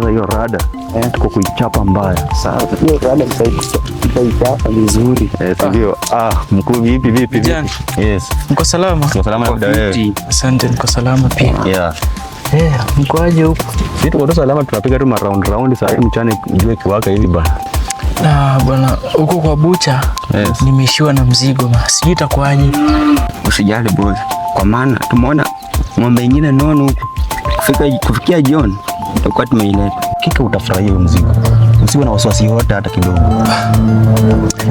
sasa hiyo rada eh, tuko kuichapa mbaya sasa. hiyo rada, tutaichapa vizuri eh, ndio. Ah, mkuu, vipi vipi vipi? Yes, mko salama? Mko salama, labda wewe? Asante, mko salama pia. Yeah. Eh, aje huko? Sisi tuko salama, tunapiga tu ma round round saa hii mchana jua kiwaka hivi bana. Na bwana huko kwa bucha yes. Nimeishiwa na mzigo ma sijui itakuwaje. Usijali boss, kwa maana tumeona ng'ombe nyingine nono huko kufikia jioni tutakuwa tumeileta kika, utafurahia huyo mzigo, usiwe na wasiwasi yote hata kidogo.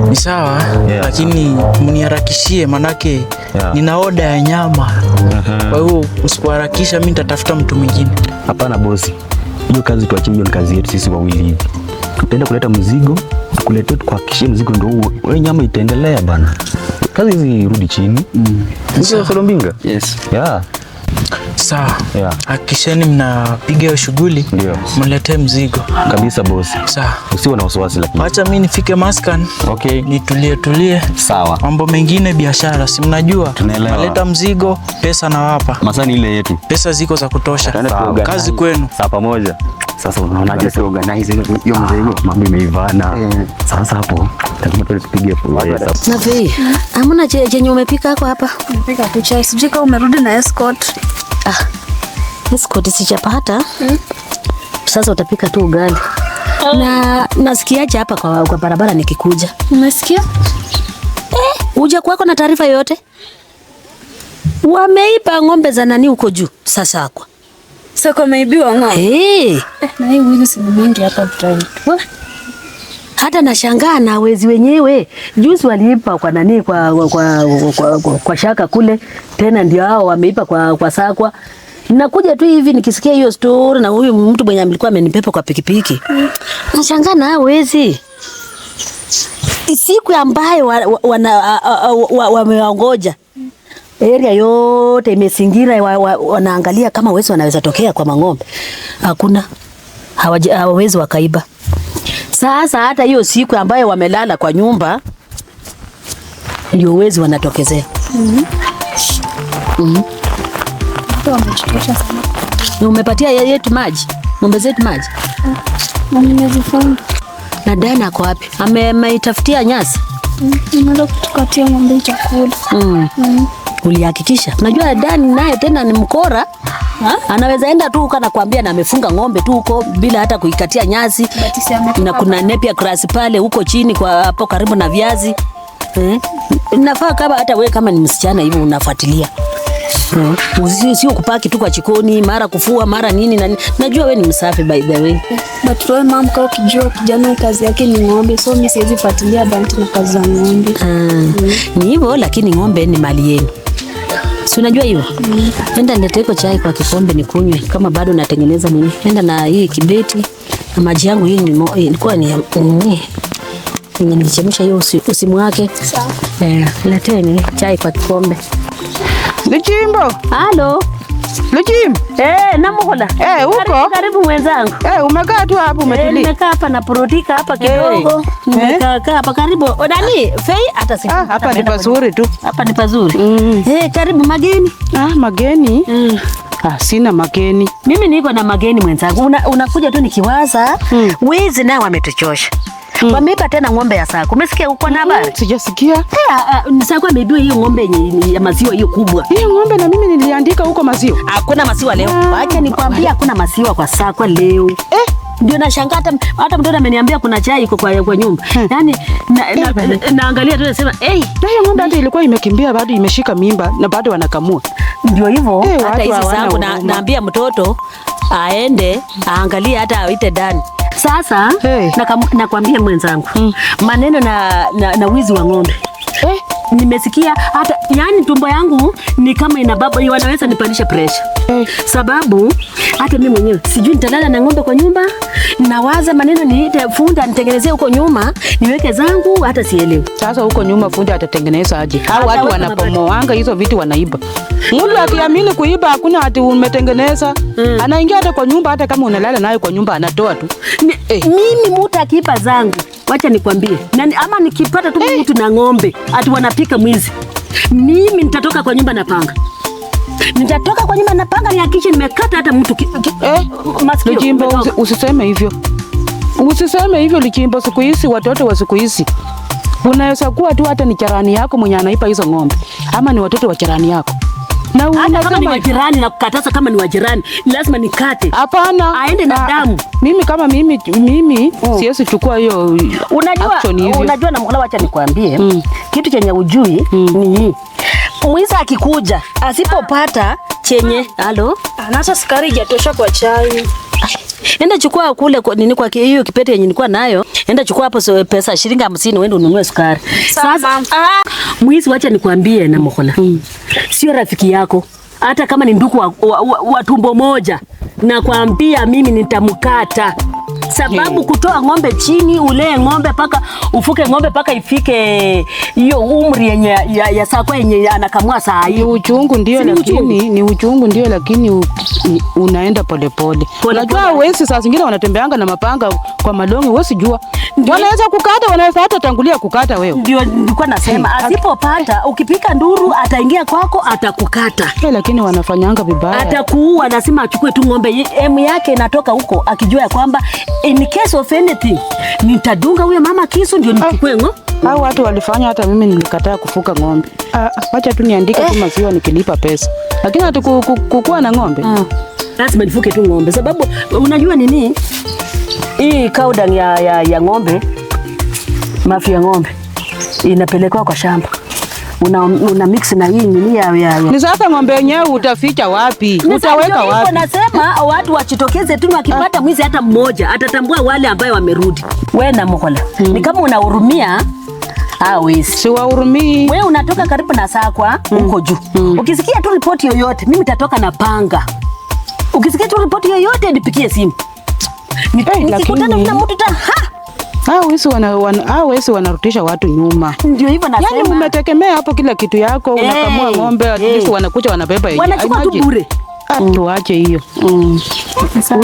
Ni sawa yeah, lakini mniharakishie manake yeah, nina oda ya nyama uh-huh. Kwa hiyo usipoharakisha mimi nitatafuta mtu mwingine. Hapana bosi, hiyo kazi tuachie, hiyo ni kazi yetu sisi wawili hivi. Tutaenda kuleta mzigo, tukuletee, tukuhakikishie mzigo ndio huo. Wewe nyama itaendelea bana, kazi hizi irudi chini. mm. Yes. Yeah. Sawa, yeah. Hakikisheni mnapiga hiyo shughuli, mletee mzigo kabisa bosi. Sawa, usiwe na wasiwasi, lakini acha mimi nifike Maskani. Okay, nitulie tulie. Sawa, mambo mengine biashara, si mnajua, naleta mzigo, pesa nawapa. Masani ile yetu, pesa ziko za kutosha. Kazi kwenu. Sawa, pamoja. Sasa unaonaje si organize hiyo mzee, mambo imeivana eh. sasa. Hapo lazima tu tupige na Amuna je, je nyume pika hapo hapa? Umepika tu chai, sijui kama umerudi na escort. Ah, escort sijapata. Hmm? Sasa utapika tu ugali oh. na nasikiaje hapa kwa, kwa barabara nikikuja, unasikia eh, uja kwako na taarifa yote. Wameipa ng'ombe za nani huko juu sasa kwa Soko ameibiwa ng'ombe. Eh. Na hii wizi si mingi hapa mtaani. Hata nashangaa na wezi wenyewe. Juzi waliipa kwa nani kwa kwa, kwa, kwa, kwa, kwa shaka kule tena ndio hao wameipa kwa kwa sakwa. Nakuja tu hivi nikisikia hiyo story na huyu mtu mwenye alikuwa amenipepa kwa pikipiki. Nashangaa na wezi. Siku ambayo wamewangoja wa, wa, wa, wa, wa, wa, wa, wa, area yote imezingira, wa, wa, wanaangalia kama wezi wanaweza tokea kwa mang'ombe. Hakuna, hawawezi wakaiba. Sasa hata hiyo siku ambayo wamelala kwa nyumba ndio wezi wanatokezea. mm -hmm. mm -hmm. Umepatia yetu maji, ng'ombe zetu maji na Dana ako wapi? Ameitafutia nyasi? Mm-hmm. kutukatia ng'ombe chakula? mm. hmm kulihakikisha. Najua Dani naye tena ni mkora ha? Anaweza enda tu huko anakuambia na amefunga ng'ombe tu huko bila hata kuikatia nyasi, na kuna nepia grass pale huko chini kwa hapo karibu na viazi hmm? Nafaa kama hata wewe kama ni msichana hivi unafuatilia Hmm. Sio kupaki tu kwa chikoni mara kufua, mara nini na nini. Najua we ni msafi by the way. But wewe mama, kwa kijua kijana kazi yake ni ng'ombe, so mimi siwezi fuatilia banti na kazi za ng'ombe. Ah. Mm. Ni hivyo lakini ng'ombe ni mali yenu. Si unajua hiyo? Mm. Enda niletee iko chai kwa kikombe nikunywe kama bado natengeneza nini. Enda na hii kibeti na maji yangu hii eh, ilikuwa ni nini? Nilichemsha hiyo usimu wake. Sawa. Eh, leteni chai kwa kikombe. Lichimbo. Halo. Lujim. Eh, na mukoda. Eh, uko? Karibu mwenzangu. Eh, umekaa tu hapo eh, umetulia. Eh, nimekaa hapa na purutika hapa eh. kidogo. Nimekaa kaa eh? hapa karibu. Odani, oh, fei hata siku. Ah, hapa ni pazuri tu. Hapa ni pazuri. Mm. Eh, karibu mageni. Ah, mageni. Mm. Ah, sina mageni. Mimi niko na mageni mwenzangu. Unakuja una tu nikiwaza. Mm. Wezi nao wametuchosha mm. Wameiba tena ng'ombe ya Sako. Umesikia uko na habari? Mm, sijasikia. Eh, eh, eh Sako ameibiwa hiyo ng'ombe ya maziwa hiyo kubwa. Hiyo ng'ombe na mimi niliandika huko maziwa. Hakuna maziwa leo. Ah. Acha nikwambie hakuna maziwa kwa Sako leo. Eh. Ndio nashangaa hata hata mtoto ameniambia kuna chai iko kwa, kwa nyumba. Hmm. Yaani eh, naangalia na, na, na tu nasema, "Hey, na hiyo ng'ombe hata ilikuwa imekimbia bado imeshika mimba na bado wanakamua." Ndio hivyo. Hey, hata hizi zangu naambia mtoto aende aangalie hata aite Dani. Sasa hey, nakwambia mwenzangu hmm, maneno na, na, na wizi wa ng'ombe eh. Nimesikia hata yani, tumbo yangu ni kama ina baba, wanaweza nipandisha pressure eh. sababu hata mimi mwenyewe sijui nitalala na ng'ombe kwa nyumba, nawaza maneno niite funda nitengenezee huko nyuma niweke zangu, hata sielewi. Sasa huko nyuma funda atatengeneza aje? Hao watu wanapomoanga hizo vitu wanaiba. Mtu akiamini kuiba hakuna ati umetengeneza, mm. anaingia hata kwa nyumba, hata kama unalala nayo kwa nyumba anatoa tu. Eh. Mimi mtu akiiba zangu wacha nikwambie, ama nikipata tu mtu na ng'ombe ati wanapika mwizi, mimi nitatoka kwa nyumba na panga nitatoka kwa nyumba na panga nihakikishe nimekata hata mtu eh, masikio. Lijimbo, usiseme hivyo, usiseme hivyo Lijimbo. Siku hizi watoto wa siku hizi unaweza kuwa tu hata ni charani yako mwenye anaipa hizo ng'ombe, ama ni watoto wa charani yako. Na hata kama ni wajirani na kukataza kama ni wajirani lazima nikate. Hapana. Aende na damu. Mimi kama mimi mimi mm. siwezi chukua hiyo. Unajua unajua na Mola wacha nikwambie. Mm. Kitu chenye ujui mm. ni hii. Mwiza akikuja asipopata chenye. Ah. Halo. anasa sukari jatosha kwa chai. Enda chukua kule kwa nini kwa hiyo kipete yenye nilikuwa nayo. Enda chukua hapo so pesa shilingi 50 uende ununue sukari. Sasa ah, mwizi, wacha nikwambie na Mokola. Hmm. Sio rafiki yako. Hata kama ni ndugu wa, wa, wa, wa tumbo moja, nakwambia mimi nitamkata sababu kutoa ng'ombe chini ulee ng'ombe paka ufuke ng'ombe paka ifike hiyo umri yenye ya, ya sakwa yenye anakamua saa hii. uchungu ndio, lakini ni uchungu ndio, lakini u, ni, unaenda polepole. Unajua pole. wesi saa zingine wanatembeanga na mapanga kwa madongo, wesi jua wanaweza kukata, wanaweza hata tangulia kukata wewe. Ndio nilikuwa nasema hmm, asipopata ukipika nduru ataingia kwako atakukata. hey, lakini wanafanyanga vibaya, atakuua. Nasema achukue tu ng'ombe emu yake inatoka huko akijua ya kwamba Eh, in case of anything nitadunga huyo mama kisu ndio nichukue ngo. Hao ah, watu walifanya, hata mimi nilikataa kufuka ng'ombe. Ah, wacha tu niandike tu eh. maziwa nikilipa pesa, lakini hata kukua na ng'ombe ah. lazima nifuke tu ng'ombe, sababu unajua nini, hii kauda ya, ya, ya ng'ombe, mafia ng'ombe inapelekwa kwa shamba una, una mix na hii nini ya ya. ya. Ni sasa ng'ombe yenyewe utaficha wapi? Utaweka wapi? Nasema watu wachitokeze tu, wakipata mwizi hata mmoja atatambua wale ambayo wamerudi. Wewe na Mokola hmm. Ni kama unahurumia hawezi ah, siwahurumii. Wewe unatoka karibu na sakwa hmm. huko mm. juu mm. ukisikia tu ripoti yoyote, mimi nitatoka na panga. Ukisikia tu ripoti yoyote, nipigie simu. Hey, eh, nikikutana na mtu ta ha Ah, Wezi wana, wana, ah, wanarutisha watu nyuma. Ndio hivyo nasema. Yaani umetegemea hapo kila kitu yako hey, eh, unakamua ng'ombe at eh. least hey, wanakuja wanabeba yenyewe. Wanachukua tu bure. Ah, Tuache hiyo. Mm.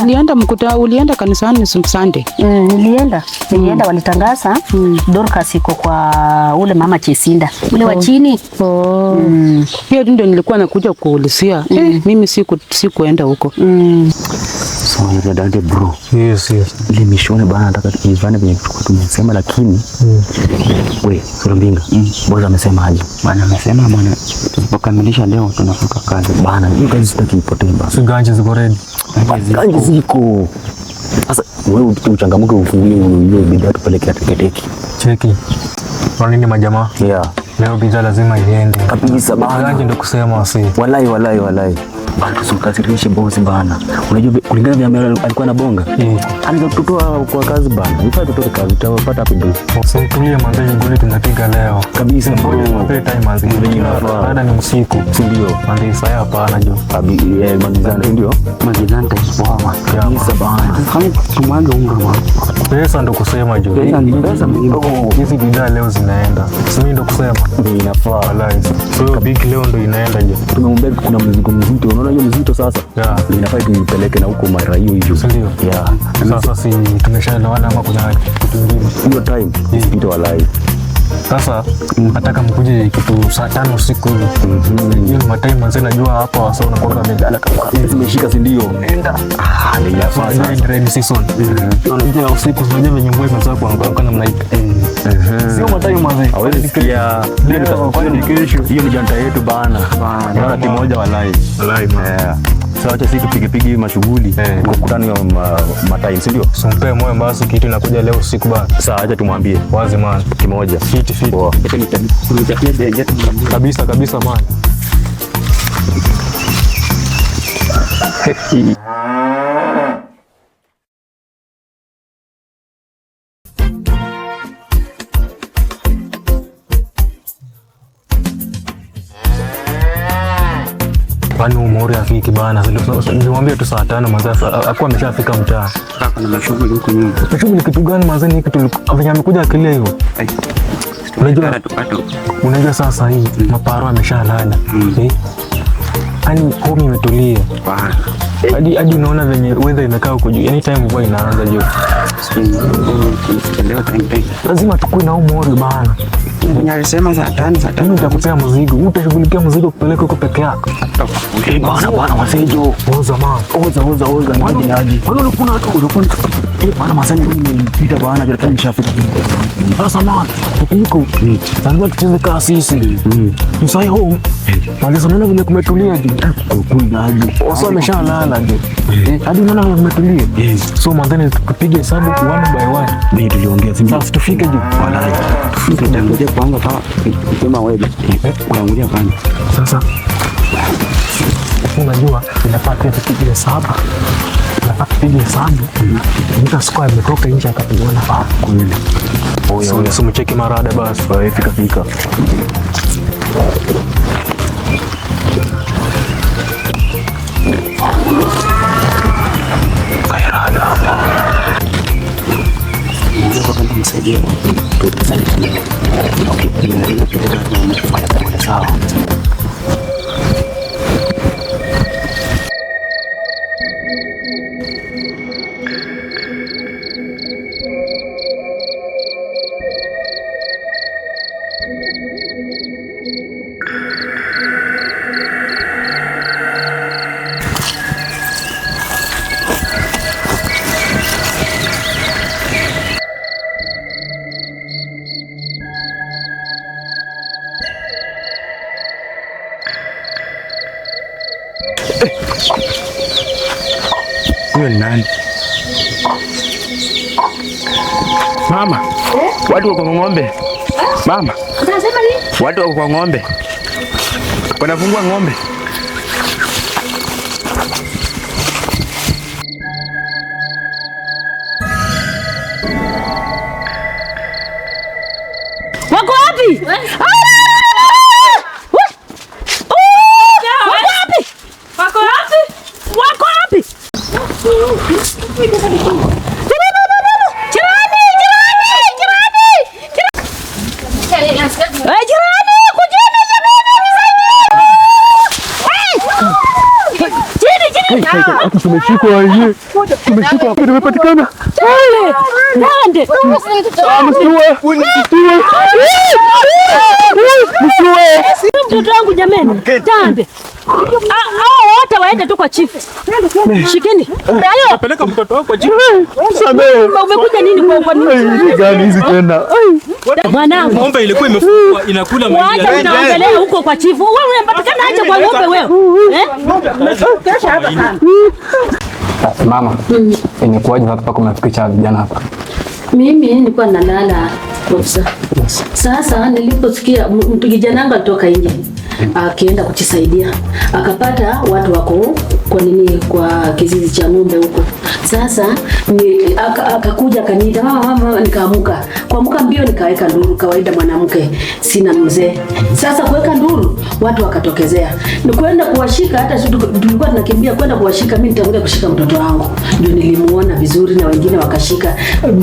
Ulienda mkuta, ulienda kanisani Sunday? Mm, nilienda. Nilienda mm. Walitangaza mm. Dorcas iko kwa ule mama Chesinda. Ule oh. wa chini. Oh. Mm. Hiyo Mm. ndio nilikuwa nakuja kuulizia. Mm. Eh, mimi siku sikuenda huko. Mm. So dadange bro. Yes, yes. Ile bana nataka tuivane venye tulikuwa tumesema lakini mm. We, sura mbinga. Mm. Boss amesema aje? Bana amesema bwana tusipokamilisha leo tunafuka kazi. Bana, hiyo kazi sitaki ipotee bana. Siganje ziko ready. Siganje ziko. Sasa wewe uchangamke ufungulie hiyo bidhaa tupeleke teketeki. Cheki. Kwa nini majamaa? Yeah. Leo bidhaa lazima iende. Kabisa bana. Siganje ndio kusema wasi. Walai walai walai bana, tusimkasirishe bosi bana. Unajua kulingana vya alikuwa na bonga mm. anaweza kututoa kwa kazi bana, ifai tutoke kazi, tutapata hapo bosi. Usimtulie mandai nguli, tunapiga leo kabisa, ngoja niwape time azingine, baada ni usiku, si ndio? Mandai saa hapana jo abi eh, manzana ndio manzana kwa kabisa bana, kama tumwaga unga bana, pesa ndo kusema jo, pesa ni pesa, oh. hizi bidhaa leo zinaenda, si mimi ndo kusema ndio inafaa, wallahi so big leo ndo inaenda jo, tumeombea kuna mzigo mzito unaona hiyo mzito sasa, yeah. Inafaa tumpeleke na huko mara hiyo hiyo, yeah. Sasa si tumeshaelewana ama kuna kitu kingine? Hiyo time yeah. Mzito wa sasa nataka mkuje kitu saa tano usiku Ni matai mwanzo, najua hapa wasa unakuwa megala kama tumeshika, yaani si ndio? Nenda ah, mhm. usiku, unajua venye mvua imeanza kuanguka namna hii, mhm. sio matai mwanzo, hawezi Hiyo ni janta yetu bana, bana, timu moja walai walai, yeah sawacha eh. si sisi mashughuli kukutani hiyo matime, sindio? Sumpe moyo basi, kitu inakuja leo usiku bana. Sasa acha tumwambie wazi man, kimoja fiti fiti kabisa kabisa man Jamhuri ya Kiki bana, nilimwambia tu saa tano manze, akuwa ameshafika mtaa. Shughuli kitu gani manze? ni kitu venye amekuja akilia hiyo. Unajua sasa hii mm. maparo ameshalala mm. eh? yani, home imetulia hadi hadi unaona venye weather imekaa huko juu, yani time mvua inaanza juu, lazima tukue na umori bana. Alisema saa tano, saa tano nitakupea mzigo. Utashughulikia mzigo kupeleka huko peke yako. Eh, bana bana masejo. Oza man. Oza oza oza. Maji maji. Wewe unakuwa watu unakuwa eh, bana masanya mimi nilipita bana jana nishafika. Sasa man, uko tangu tucheze kama sisi. Msai home. Maliza neno vile kumetulia je. Eh, Kuna aje. Osa ameshalala je. Eh. Eh, hadi unaona vile kumetulia. So mandani tupige hesabu one by one. Ndio tuliongea. Sasa tufike je. Wala. Tufike ndio kwanza kama kusema wewe unaangulia kwanza. Sasa unajua inafaa pia tupige hesabu, inafaa tupige hesabu mtu asikuwa ametoka nje akapigwa kweli. Oya, usimcheki marada basi, wewe fika fika kairada kumsaidia mtoto sana kijana. kufanya kwa sawa. Watu wako kwa ng'ombe. Eh? Mama. Unasema nini? Watu wako kwa ng'ombe. Wanafungua ng'ombe. Wako wapi? Eh? Ah, Jirani, tumeshikwa, tumepatikana. Mtoto wangu jamani, tambe hao wote waende tu kwa chifu. Shikeni. Apeleka mtoto wako chifu. Umekuja nini? Gani hizi tena? Mwanangu, ng'ombe ilikuwa imefungwa inakula maji. Wacha tunaongelea huko kwa chifu. Wewe unapatikana aje kwa ng'ombe wewe? Eh? mama, mm. imekuwaje sasa mpaka umefikisha vijana hapa? Mimi nilikuwa nalala ofisa. Sasa niliposikia kijana wangu alitoka nje akienda kuchisaidia akapata watu wako kwa nini kwa kizizi cha ng'ombe huko. Sasa akakuja akaniita mama mama, nikaamuka kuamuka mbio, nikaweka nduru kawaida mwanamke, sina mzee. Sasa kuweka nduru watu wakatokezea, ni kwenda kuwashika. Hata sisi tulikuwa tunakimbia kwenda kuwashika, mimi nitakuja kushika mtoto wangu, ndio nilimuona vizuri, na wengine wakashika,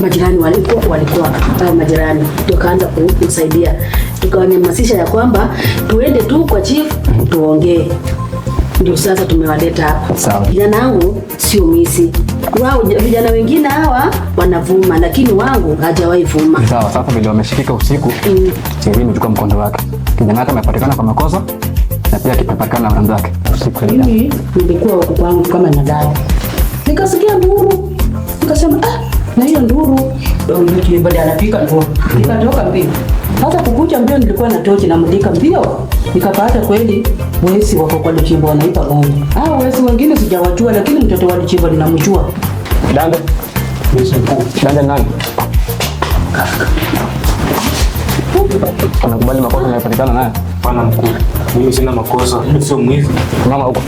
majirani walikuwa walikuwa au eh, majirani, ndio kaanza kumsaidia, tukawanyamasisha ya kwamba tuende tu kwa chief tuongee. Ndio sasa tumewaleta hapa vijana wangu, sio misi wao. Vijana wengine hawa wanavuma, lakini wangu hajawahi vuma. Sawa, sasa vile wameshikika usiku, mm. Chengine mchukua mkondo wake kijana wake amepatikana kwa makosa na pia akipatikana na mwanamke wake. Mimi nilikuwa huko kwangu kama nadai, nikasikia nduru, nikasema ah, na hiyo nduru ndio baada anapika nduru, nikatoka mbio. Hata kukucha mbio, nilikuwa na tochi na namulika mbio, nikapata kweli wesi wako kwa Luchimbo wanaipa ng'ombe. Ah, wezi wengine sijawajua, lakini mtoto wa Luchimbo ninamjua. Dande. Dande nani? Kaka. Unakubali makosa yanayopatikana naye? Hapana mkuu, mimi sina makosa, sio mwizi. Mama huko.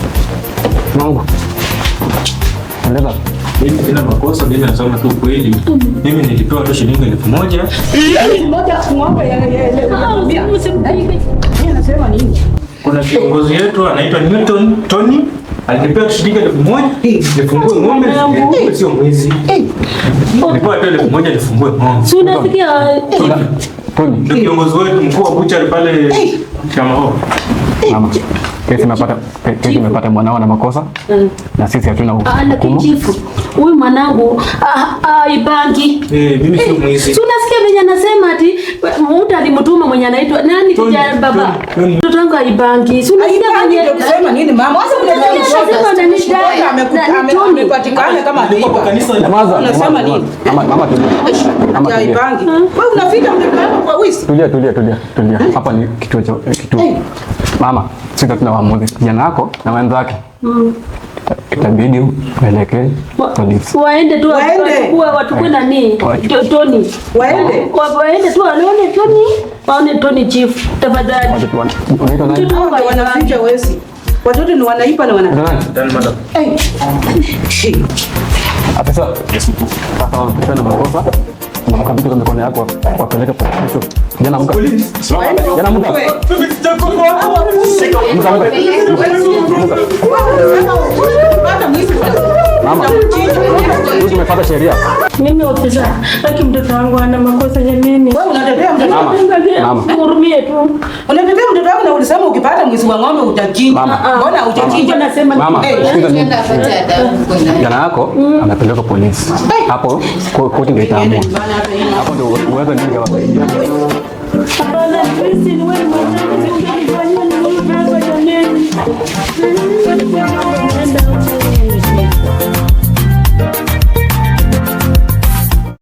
Mungu. Endelea. Mimi sina makosa, mimi nasema tu kweli. Mimi nilipewa tu shilingi elfu moja. Elfu moja kumwomba yale Mimi nasema nini? Kuna kiongozi yetu anaitwa Newton Tony alipea shilingi elfu moja nifungue ng'ombe, sio mwizi. Nilipewa tu elfu moja nifungue ng'ombe. Si unafikia Kiongozi wetu mkuu wa buchari pale Shamaho. kesi imepata mwanao na makosa mm. na sisi hatuna ah, hukumu huyu mwanangu aibangi. Ah, ah, eh, Tunasikia eh, venye anasema ati mtu alimtuma mwenye anaitwa nani baba. Mtoto wangu aibangi. Ah, mama? tulia. Tulia tulia tulia Hapa ni kituo cha eh, kituo. Mama, sisi kijana wako na wenzake mm. Itabidi waelekee polisi, waende tu wachukue ni Tony, waende waende tu waone Tony, waone Tony chief, tafadhali. Watoto wanaficha wezi, watoto ni wanaipa na wana shii afisa afisa na makosa unamkabidhi mikono yako wapeleke kwa kesho. Jana mka jana mka mama, hizi umepata sheria mimi ofisa, lakini mtoto wangu ana makosa ya nini? Wewe unatetea mtoto wangu. Mama, hurumie tu. Unatetea mtoto wangu na ulisema ukipata mwizi wa ng'ombe utachinja. Mbona utachinja? Nasema mama, jana yako amepelekwa polisi. Hapo koti ndio itaamua. Hapo ndio uwezo ndio unawasaidia. Hapana, Kristi ni wewe